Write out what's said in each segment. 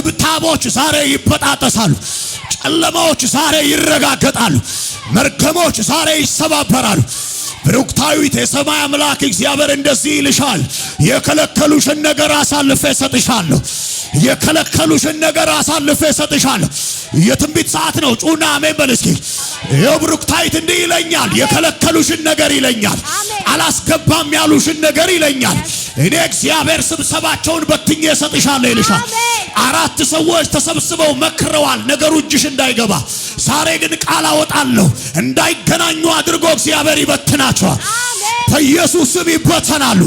ትብታቦች ዛሬ ይበጣጠሳሉ። ጨለማዎች ዛሬ ይረጋገጣሉ። መርገሞች ዛሬ ይሰባበራሉ። ብሩክታዊት የሰማይ አምላክ እግዚአብሔር እንደዚህ ይልሻል፣ የከለከሉሽን ነገር አሳልፌ ሰጥሻለሁ። የከለከሉሽን ነገር አሳልፌ ሰጥሻለሁ። የትንቢት ሰዓት ነው። ጩና አሜን በል እስኪ። የብሩክታዊት እንዲህ ይለኛል፣ የከለከሉሽን ነገር ይለኛል፣ አላስገባም ያሉሽን ነገር ይለኛል። እኔ እግዚአብሔር ስብሰባቸውን በትኜ ሰጥሻለሁ ይልሻል። አራት ሰዎች ተሰብስበው መክረዋል፣ ነገሩ እጅሽ እንዳይገባ። ዛሬ ግን ቃል አወጣለሁ፣ እንዳይገናኙ አድርጎ እግዚአብሔር ይበትናቸዋል። በኢየሱስም ይበተናሉ።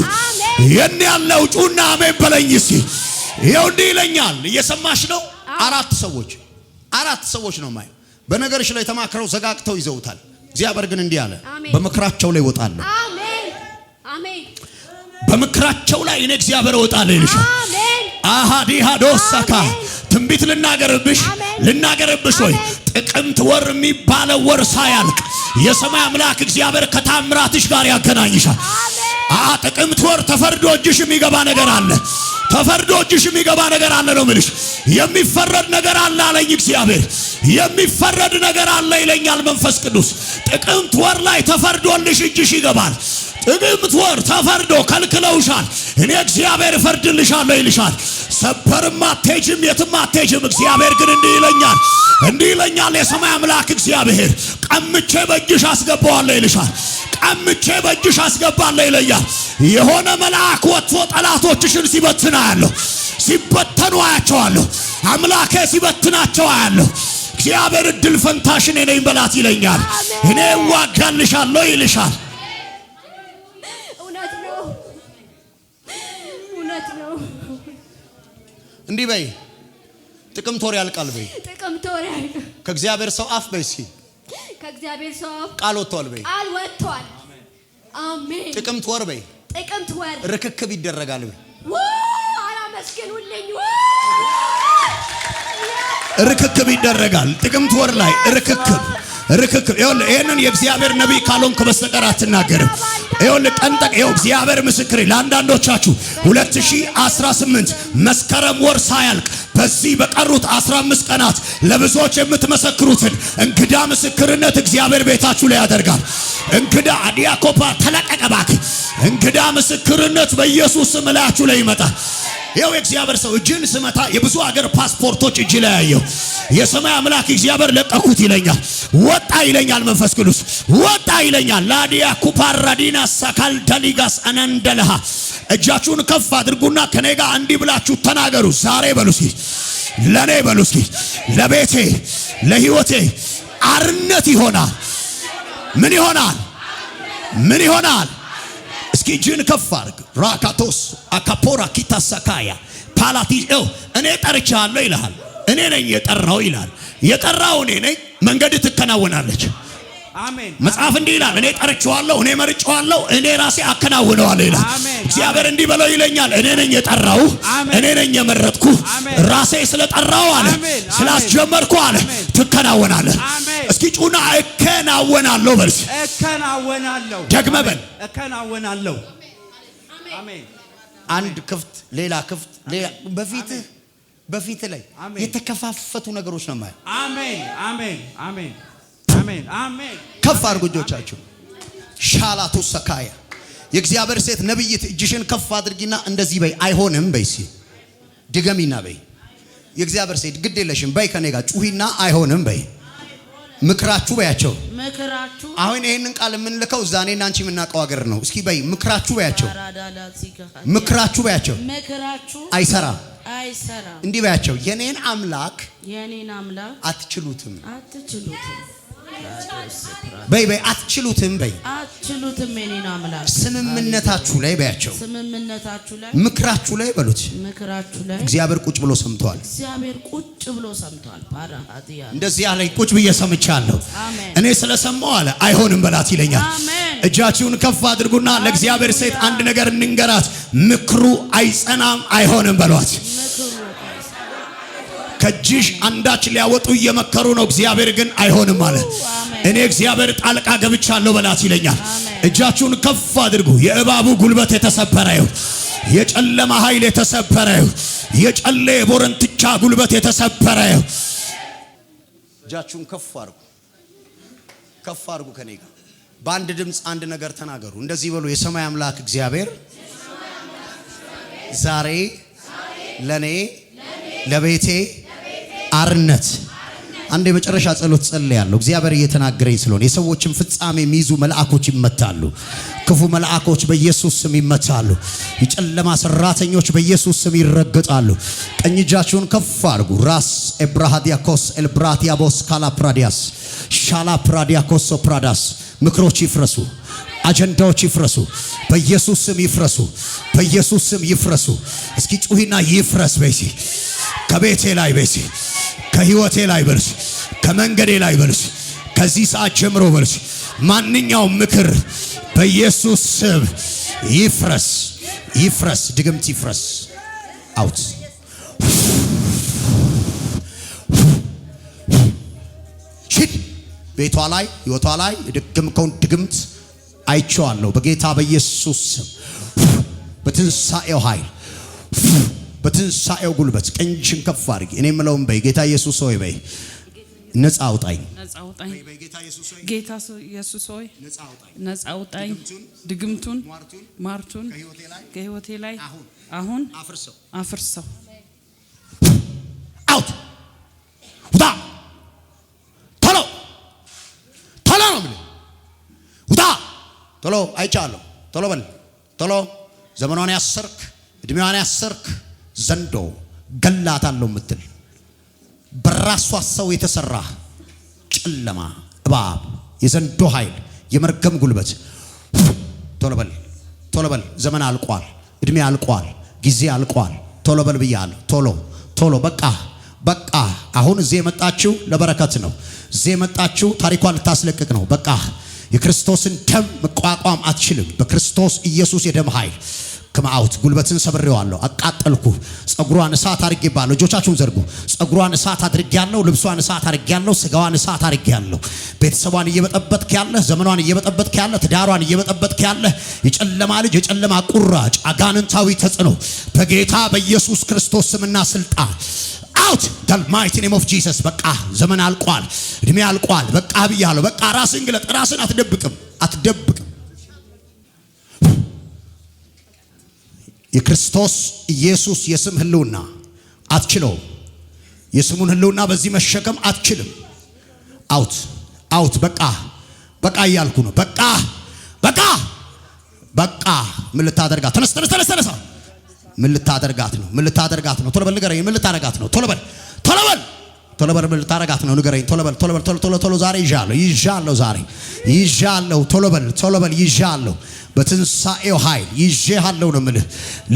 የኔ ያለው ጩና አሜን በለኝ ሲ ይኸው እንዲህ ይለኛል፣ እየሰማሽ ነው? አራት ሰዎች አራት ሰዎች ነው ማየው። በነገርሽ ላይ ተማክረው ዘጋግተው ይዘውታል። እግዚአብሔር ግን እንዲህ አለ፣ በምክራቸው ላይ እወጣለሁ። በምክራቸው ላይ እኔ እግዚአብሔር እወጣለሁ ይልሻል አሃዲሃዶሳካ ትንቢት ልናገርብሽ ልናገርብሽ ሆይ ጥቅምት ወር የሚባለው ወር ሳያልቅ የሰማይ አምላክ እግዚአብሔር ከታምራትሽ ጋር ያገናኝሻል። አሃ ጥቅምት ወር ተፈርዶ እጅሽ የሚገባ ነገር አለ። ተፈርዶ እጅሽ የሚገባ ነገር አለ ነው ምልሽ። የሚፈረድ ነገር አለ አለኝ እግዚአብሔር። የሚፈረድ ነገር አለ ይለኛል መንፈስ ቅዱስ። ጥቅምት ወር ላይ ተፈርዶልሽ እጅሽ ይገባል። ጥግምት ወር ተፈርዶ ከልክለውሻል። እኔ እግዚአብሔር እፈርድልሻለሁ ይልሻል። ሰበርም አትሄጂም፣ የትም አትሄጂም። እግዚአብሔር ግን እንዲህ ይለኛል፣ እንዲህ ይለኛል የሰማይ አምላክ እግዚአብሔር ቀምቼ በእጅሽ አስገባዋለሁ ይልሻል። ቀምቼ በእጅሽ አስገባለሁ ይለኛል። የሆነ መልአክ ወጥቶ ጠላቶችሽን ሲበትና ያለሁ ሲበተኑ አያቸዋለሁ። አምላኬ ሲበትናቸው አያለሁ። እግዚአብሔር እድል ፈንታሽን እኔ ነኝ በላት ይለኛል። እኔ እዋጋልሻለሁ ይልሻል። እንዲህ በይ፣ ጥቅምት ወር ያልቃል በይ፣ ጥቅምት ወር ያልቃል። ከእግዚአብሔር ሰው አፍ በይ፣ እስኪ ከእግዚአብሔር ሰው አፍ ቃል ወጥቷል በይ፣ ቃል ወጥቷል። አሜን። ጥቅምት ወር በይ፣ ጥቅምት ወር ርክክብ ይደረጋል በይ። ርክክብ ይደረጋል። ጥቅምት ወር ላይ ርክክብ ርክክብ። ይሄንን የእግዚአብሔር ነቢይ ካልሆንክ በስተቀር አትናገርም። ይኸውልህ ቀንጠቅ ይኸው እግዚአብሔር ምስክሬ ለአንዳንዶቻችሁ 2018 መስከረም ወር ሳያልቅ በዚህ በቀሩት 15 ቀናት ለብዙዎች የምትመሰክሩትን እንግዳ ምስክርነት እግዚአብሔር ቤታችሁ ላይ ያደርጋል። እንግዳ አዲያኮፓ ተለቀቀባክ እንግዳ ምስክርነት በኢየሱስ ስም ላይ ይመጣል። ይኸው የእግዚአብሔር ሰው እጅን ስመታ የብዙ ሀገር ፓስፖርቶች እጅ ላይ ያየው የሰማይ አምላክ እግዚአብሔር ለቀኩት ይለኛል። ወጣ ይለኛል። መንፈስ ቅዱስ ወጣ ይለኛል። ላዲያ ኩፓራዲና ሳካል ዳሊጋስ አናንደልሃ እጃችሁን ከፍ አድርጉና ከኔ ጋር እንዲህ ብላችሁ ተናገሩ። ዛሬ በሉ እስኪ ለኔ በሉ እስኪ ለቤቴ ለህይወቴ አርነት ይሆናል። ምን ይሆናል? ምን ይሆናል? እስኪ እጅን ከፍ አድርግ ራካቶስ አካፖራ ሰካያ ፓላቲ እኔ ጠርቻለሁ ይልሃል። እኔ ነኝ የጠራው ይልሃል። የጠራው እኔ ነኝ። መንገድ ትከናወናለች። መጽሐፍ እንዲህ ይላል፣ እኔ ጠርቼዋለሁ፣ እኔ መርጬዋለሁ፣ እኔ ራሴ አከናውነዋለሁ ይላል። እግዚአብሔር እንዲህ በለው ይለኛል። እኔ ነኝ የጠራው፣ እኔ ነኝ የመረጥኩ፣ ራሴ ስለጠራው አለ፣ ስላስጀመርኩ አለ፣ ትከናወናለህ። እስኪ ጩና እከናወናለሁ በል፣ እከናወናለሁ። ደግመህ በል፣ እከናወናለሁ አንድ ክፍት፣ ሌላ ክፍት፣ ሌላ በፊትህ በፊት ላይ የተከፋፈቱ ነገሮች ነው ማለት። አሜን፣ አሜን፣ አሜን፣ አሜን፣ አሜን። ከፍ አድርጉ እጆቻችሁ። ሻላቱ ሰካያ የእግዚአብሔር ሴት ነብይት እጅሽን ከፍ አድርጊና እንደዚህ በይ። አይሆንም በይ፣ ሲ ድገሚና በይ። የእግዚአብሔር ሴት ግድ የለሽም በይ። ከኔ ጋር ጩሂና አይሆንም በይ ምክራችሁ በያቸው። አሁን ይህንን ቃል የምንልከው እዛ እኔና አንቺ የምናውቀው ሀገር ነው። እስኪ በይ ምክራችሁ በያቸው፣ ምክራችሁ በያቸው አይሰራም። እንዲህ በያቸው፣ የኔን አምላክ አትችሉትም። በይ በይ አትችሉትም፣ በይ አትችሉትም። እኔ ነው አምላክ ስምምነታችሁ ላይ በያቸው፣ ስምምነታችሁ ላይ ምክራችሁ ላይ በሉት፣ ምክራችሁ ላይ እግዚአብሔር ቁጭ ብሎ ሰምቷል፣ እግዚአብሔር ቁጭ ብሎ ሰምቷል። እንደዚህ አለኝ፣ ቁጭ ብዬ ሰምቻለሁ። እኔ ስለሰማው አለ አይሆንም በላት ይለኛል። እጃችሁን ከፍ አድርጉና ለእግዚአብሔር ሴት አንድ ነገር እንንገራት፣ ምክሩ አይጸናም አይሆንም በሏት። ከእጅሽ አንዳች ሊያወጡ እየመከሩ ነው። እግዚአብሔር ግን አይሆንም አለ። እኔ እግዚአብሔር ጣልቃ ገብቻለሁ በላት ይለኛል። እጃችሁን ከፍ አድርጉ። የእባቡ ጉልበት የተሰበረ ይሁን። የጨለማ ኃይል የተሰበረ ይሁን። የጨለ የቦረንትቻ ጉልበት የተሰበረ ይሁን። እጃችሁን ከፍ አድርጉ። ከፍ አድርጉ። ከኔ ጋር በአንድ ድምፅ አንድ ነገር ተናገሩ። እንደዚህ በሉ። የሰማይ አምላክ እግዚአብሔር ዛሬ ለኔ ለቤቴ አርነት አንድ የመጨረሻ ጸሎት ጸልያለሁ። እግዚአብሔር እየተናገረኝ ስለሆነ የሰዎችን ፍጻሜ የሚይዙ መልአኮች ይመታሉ። ክፉ መልአኮች በኢየሱስ ስም ይመታሉ። የጨለማ ሰራተኞች በኢየሱስ ስም ይረገጣሉ። ቀኝ እጃችሁን ከፍ አድርጉ። ራስ ኤብራሃዲያኮስ ኤልብራቲያቦስ ካላፕራዲያስ ሻላፕራዲያኮስ ሶፕራዳስ ምክሮች ይፍረሱ። አጀንዳዎች ይፍረሱ። በኢየሱስ ስም ይፍረሱ። በኢየሱስ ስም ይፍረሱ። እስኪ ጩሂና ይፍረስ በይሲ ከቤቴ ላይ በይሲ ከህይወቴ ላይ በልስ፣ ከመንገዴ ላይ በልስ፣ ከዚህ ሰዓት ጀምሮ በልስ። ማንኛውም ምክር በኢየሱስ ስም ይፍረስ፣ ይፍረስ፣ ድግምት ይፍረስ። አውት ሽድ ቤቷ ላይ ህይወቷ ላይ የደገምከውን ድግምት አይቼዋለሁ። በጌታ በኢየሱስ ስም በትንሣኤው ኃይል በትንሣኤው ጉልበት ቀኝሽን ከፍ አድርጊ። እኔ የምለውም በይ ጌታ ኢየሱስ ሆይ በይ ነጻ አውጣኝ፣ ነጻ አውጣኝ፣ ድግምቱን፣ ሟርቱን ከህይወቴ ላይ አሁን አፍርሰው። አውት ውጣ፣ ቶሎ ቶሎ ነው የምልህ። ውጣ ቶሎ፣ አይቻለሁ። ቶሎ በል ቶሎ። ዘመኗን ያሰርክ፣ እድሜዋን ያሰርክ ዘንዶ ገላታለሁ የምትል በራሷ ሰው የተሰራ ጨለማ እባብ የዘንዶ ኃይል የመርገም ጉልበት ቶሎ በል ቶሎ በል። ዘመን አልቋል፣ እድሜ አልቋል፣ ጊዜ አልቋል። ቶሎ በል ብያለሁ። ቶሎ ቶሎ በቃ በቃ። አሁን እዚህ የመጣችሁ ለበረከት ነው። እዚህ የመጣችሁ ታሪኳን ልታስለቅቅ ነው። በቃ የክርስቶስን ደም መቋቋም አትችልም። በክርስቶስ ኢየሱስ የደም ኃይል ከመአውት ጉልበትን ሰብሬዋለሁ፣ አቃጠልኩ፣ ጸጉሯን እሳት አድርጌባለሁ። እጆቻችሁን ዘርጉ። ጸጉሯን እሳት አድርጌያለሁ፣ ልብሷን እሳት አድርጌያለሁ፣ ስጋዋን እሳት አድርጌያለሁ። ቤተሰቧን እየበጠበጥክ ያለህ፣ ዘመኗን እየበጠበጥክ ያለህ፣ ትዳሯን እየበጠበጥክ ያለህ የጨለማ ልጅ፣ የጨለማ ቁራጭ፣ አጋንንታዊ ተጽዕኖ በጌታ በኢየሱስ ክርስቶስ ስምና ስልጣን አውት ዳልማይቲ ኔም ኦፍ ጂሰስ። በቃ ዘመን አልቋል፣ እድሜ አልቋል። በቃ ብያለሁ። በቃ ራስን ግለጥ። ራስን አትደብቅም፣ አትደብቅም የክርስቶስ ኢየሱስ የስም ህልውና አትችለውም። የስሙን ህልውና በዚህ መሸከም አትችልም። አውት አውት በቃ በቃ እያልኩ ነው። በቃ በቃ በቃ ምን ልታደርጋት? ተነስ ተነስ ተነስ ተነስ። ምን ልታደርጋት ነው? ምን ልታደርጋት ነው? ቶሎ በል ንገረኝ። ምን ልታደርጋት ነው? ቶሎ በል ቶሎ በል ቶሎ በል ብል ታረጋት ነው ንገረኝ። ቶሎ በል ቶሎ በል ቶሎ ቶሎ ቶሎ ዛሬ ይዣለሁ ይዣለሁ ዛሬ ይዣለሁ። ቶሎ በል ቶሎ በል ይዣለሁ። በትንሳኤው ኃይል ይዤሃለሁ ነው የምልህ።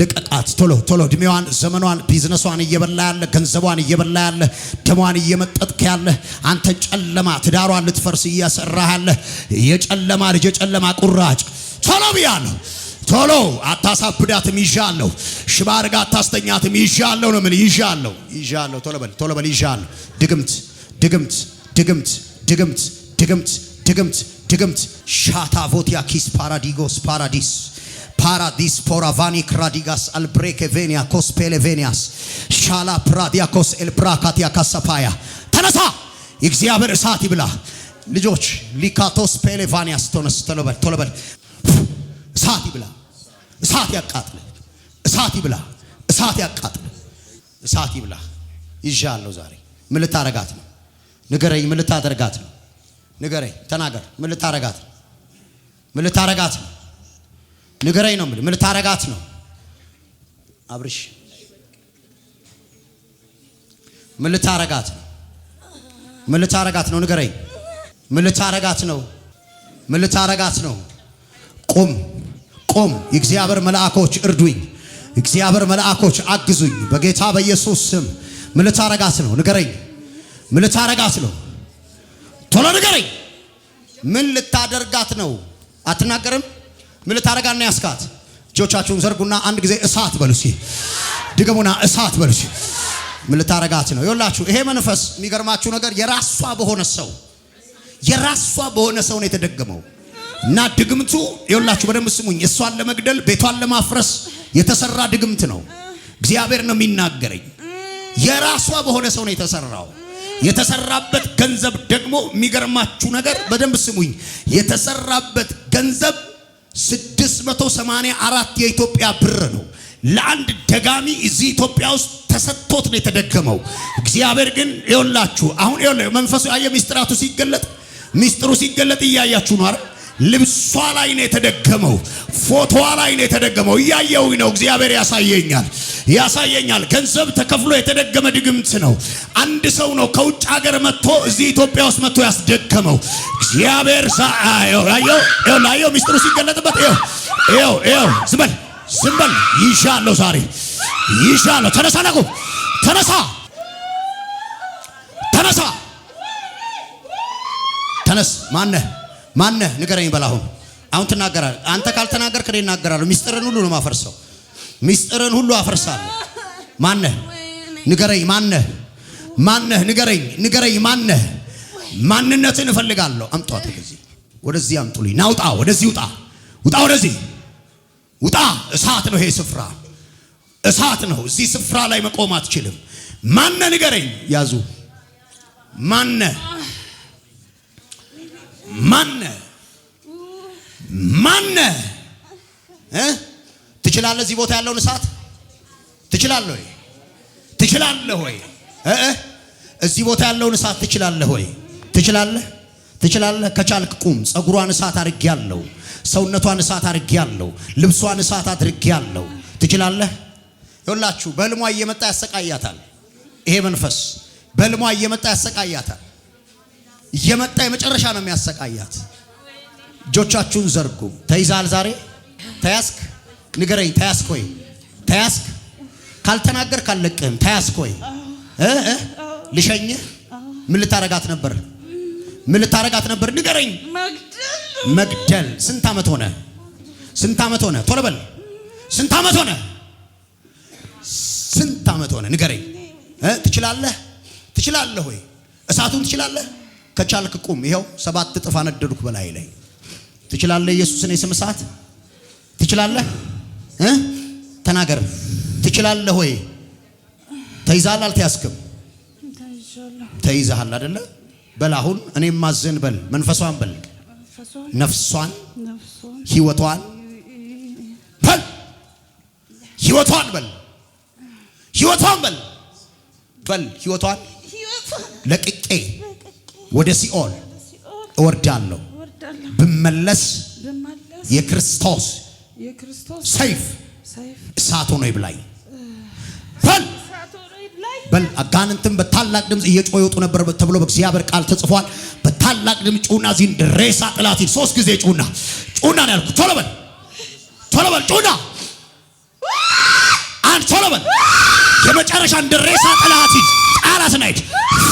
ልቀቃት ቶሎ ቶሎ። እድሜዋን፣ ዘመኗን፣ ቢዝነሷን እየበላ ያለ ገንዘቧን እየበላ ያለ ደሟን እየመጠጥክ ያለ አንተ ጨለማ ትዳሯን ልትፈርስ እያሰራህ ያለ የጨለማ ልጅ የጨለማ ቁራጭ ቶሎ ብያለሁ ቶሎ አታሳብዳትም፣ ይዣለሁ። ሽባ አድርጋ አታስተኛትም፣ ይዣለሁ ነው ምን ይዣለሁ፣ ይዣለሁ። ቶሎ በል ቶሎ በል ይዣለሁ። ድግምት ድግምት ድግምት ድግምት ድግምት ድግምት ድግምት ሻታ ቮቲያ ኪስ ፓራዲጎስ ፓራዲስ ፓራዲስ ፖራቫኒክ ራዲጋስ አልብሬክ ቬኒያ ኮስ ፔሌቬኒያስ ሻላ ፕራዲያኮስ ኤልብራካቲያ ካሰፓያ ተነሳ፣ የእግዚአብሔር እሳት ይብላ ልጆች ሊካቶስ ፔሌቫኒያስ ቶነስ ቶሎ በል ቶሎ በል እሳት ይብላ እሳት ያቃጥል፣ እሳት ይብላ፣ እሳት ያቃጥል፣ እሳት ይብላ። ይዣለሁ ዛሬ ምን ልታረጋት ነው? ንገረኝ። ምን ልታደርጋት ነው? ንገረኝ። ተናገር። ምን ልታረጋት ነው? ምን ልታረጋት ነው? ንገረኝ ነው ምን ልታረጋት ነው? አብርሽ ምን ልታረጋት ነው? ምን ልታረጋት ነው? ንገረኝ። ምን ልታረጋት ነው? ምን ልታረጋት ነው? ቁም ቆም። የእግዚአብሔር መልአኮች እርዱኝ፣ እግዚአብሔር መልአኮች አግዙኝ። በጌታ በኢየሱስ ስም ምን ልታረጋት ነው? ንገረኝ። ምን ልታረጋት ነው? ቶሎ ንገረኝ። ምን ልታደርጋት ነው? አትናገርም። ምን ልታረጋት ነው? ያስካት እጆቻችሁን ዘርጉና አንድ ጊዜ እሳት በሉሲ፣ ድገሙና እሳት በሉሲ። ምን ልታረጋት ነው? ይኸውላችሁ ይሄ መንፈስ የሚገርማችሁ ነገር የራሷ በሆነ ሰው የራሷ በሆነ ሰው ነው የተደገመው። እና ድግምቱ ይኸውላችሁ በደንብ ስሙኝ። እሷን ለመግደል ቤቷን ለማፍረስ የተሰራ ድግምት ነው። እግዚአብሔር ነው የሚናገረኝ። የራሷ በሆነ ሰው ነው የተሰራው። የተሰራበት ገንዘብ ደግሞ የሚገርማችሁ ነገር በደንብ ስሙኝ። የተሰራበት ገንዘብ 684 የኢትዮጵያ ብር ነው። ለአንድ ደጋሚ እዚህ ኢትዮጵያ ውስጥ ተሰጥቶት ነው የተደገመው። እግዚአብሔር ግን ይኸውላችሁ አሁን ይኸውልህ መንፈሱ ያየ ሚስጥራቱ ሲገለጥ ሚስጥሩ ሲገለጥ እያያችሁ ነው አይደል? ልብሷ ላይ ነው የተደገመው፣ ፎቶዋ ላይ ነው የተደገመው። እያየሁኝ ነው። እግዚአብሔር ያሳየኛል ያሳየኛል። ገንዘብ ተከፍሎ የተደገመ ድግምት ነው። አንድ ሰው ነው ከውጭ ሀገር መጥቶ እዚህ ኢትዮጵያ ውስጥ መጥቶ ያስደገመው። እግዚአብሔር ላየው ሚስጥሩ ሲገለጥበት ው ው ዝንበል ዝንበል ይሻለው፣ ዛሬ ይሻለው። ተነሳ ነቁ፣ ተነሳ፣ ተነሳ፣ ተነስ ማነህ ማነህ ንገረኝ በላሁን አሁን አሁን ትናገራለህ። አንተ ካልተናገርክ እኔ እናገራለሁ። ሚስጥርን ሁሉ ነው ማፈርሰው። ሚስጥርን ሁሉ አፈርሳለሁ። ማነህ ንገረኝ። ማነህ ማነህ ንገረኝ፣ ንገረኝ። ማነህ ማንነትን እፈልጋለሁ። አምጧት ወደዚህ፣ ወደዚህ አምጡልኝ። ና ውጣ፣ ወደዚህ ውጣ፣ ውጣ፣ ወደዚህ ውጣ። እሳት ነው ይሄ ስፍራ፣ እሳት ነው። እዚህ ስፍራ ላይ መቆም አትችልም። ማነህ ንገረኝ። ያዙ ማነህ ማነ ማነ ትችላለህ? እዚህ ቦታ ያለውን እሳት ትችላለህ ወይ? ትችላለህ ወይ? እዚህ ቦታ ያለውን እሳት ትችላለህ ወይ? ትችላለህ ትችላለህ። ከቻልክ ቁም። ጸጉሯን እሳት አድርጌያለሁ። ሰውነቷን እሳት አድርጌያለሁ። ልብሷን እሳት አድርጌያለሁ። ትችላለህ። ይኸውላችሁ በህልሟ እየመጣ ያሰቃያታል። ይሄ መንፈስ በህልሟ እየመጣ ያሰቃያታል። የመጣ የመጨረሻ ነው የሚያሰቃያት። እጆቻችሁን ዘርጉ። ተይዛል። ዛሬ ተያዝክ። ንገረኝ። ተያዝክ ወይ? ተያዝክ። ካልተናገር ካለቅህም ተያዝክ ወይ? ልሸኝህ። ምን ልታረጋት ነበር? ምን ልታረጋት ነበር? ንገረኝ። መግደል። ስንት ዓመት ሆነ? ስንት ዓመት ሆነ? ቶሎ በል። ስንት ዓመት ሆነ? ስንት ዓመት ሆነ? ንገረኝ። ትችላለህ? ትችላለህ ወይ? እሳቱን ትችላለህ? ከቻልክ ቁም፣ ይኸው ሰባት እጥፍ አነደድኩ በላይ ላይ። ትችላለህ? ኢየሱስን የስም ሰዓት ትችላለህ? ተናገር። ትችላለህ ወይ? ተይዛሃል? አልተያዝክም? ተይዛሃል አይደለ? በል አሁን እኔም ማዘን በል መንፈሷን በል ነፍሷን ህይወቷን በል ህይወቷን በል ህይወቷን በል በል ህይወቷን ለቅቄ ወደ ሲኦል እወርዳለሁ ብመለስ የክርስቶስ ሰይፍ እሳት ሆኖ ይብላኝ። በል አጋንንትም በታላቅ ድምፅ እየጮህ ይወጡ ነበር ተብሎ በእግዚአብሔር ቃል ተጽፏል። በታላቅ ድምፅ ጩና ዚን ድሬሳ ጥላት ሶስት ጊዜ ጩና ጩና ነው ያልኩት። ቶሎ በል ቶሎ በል ጩና አንድ ቶሎ በል የመጨረሻ ድሬሳ ሬሳ ጥላት ጣላት ናይድ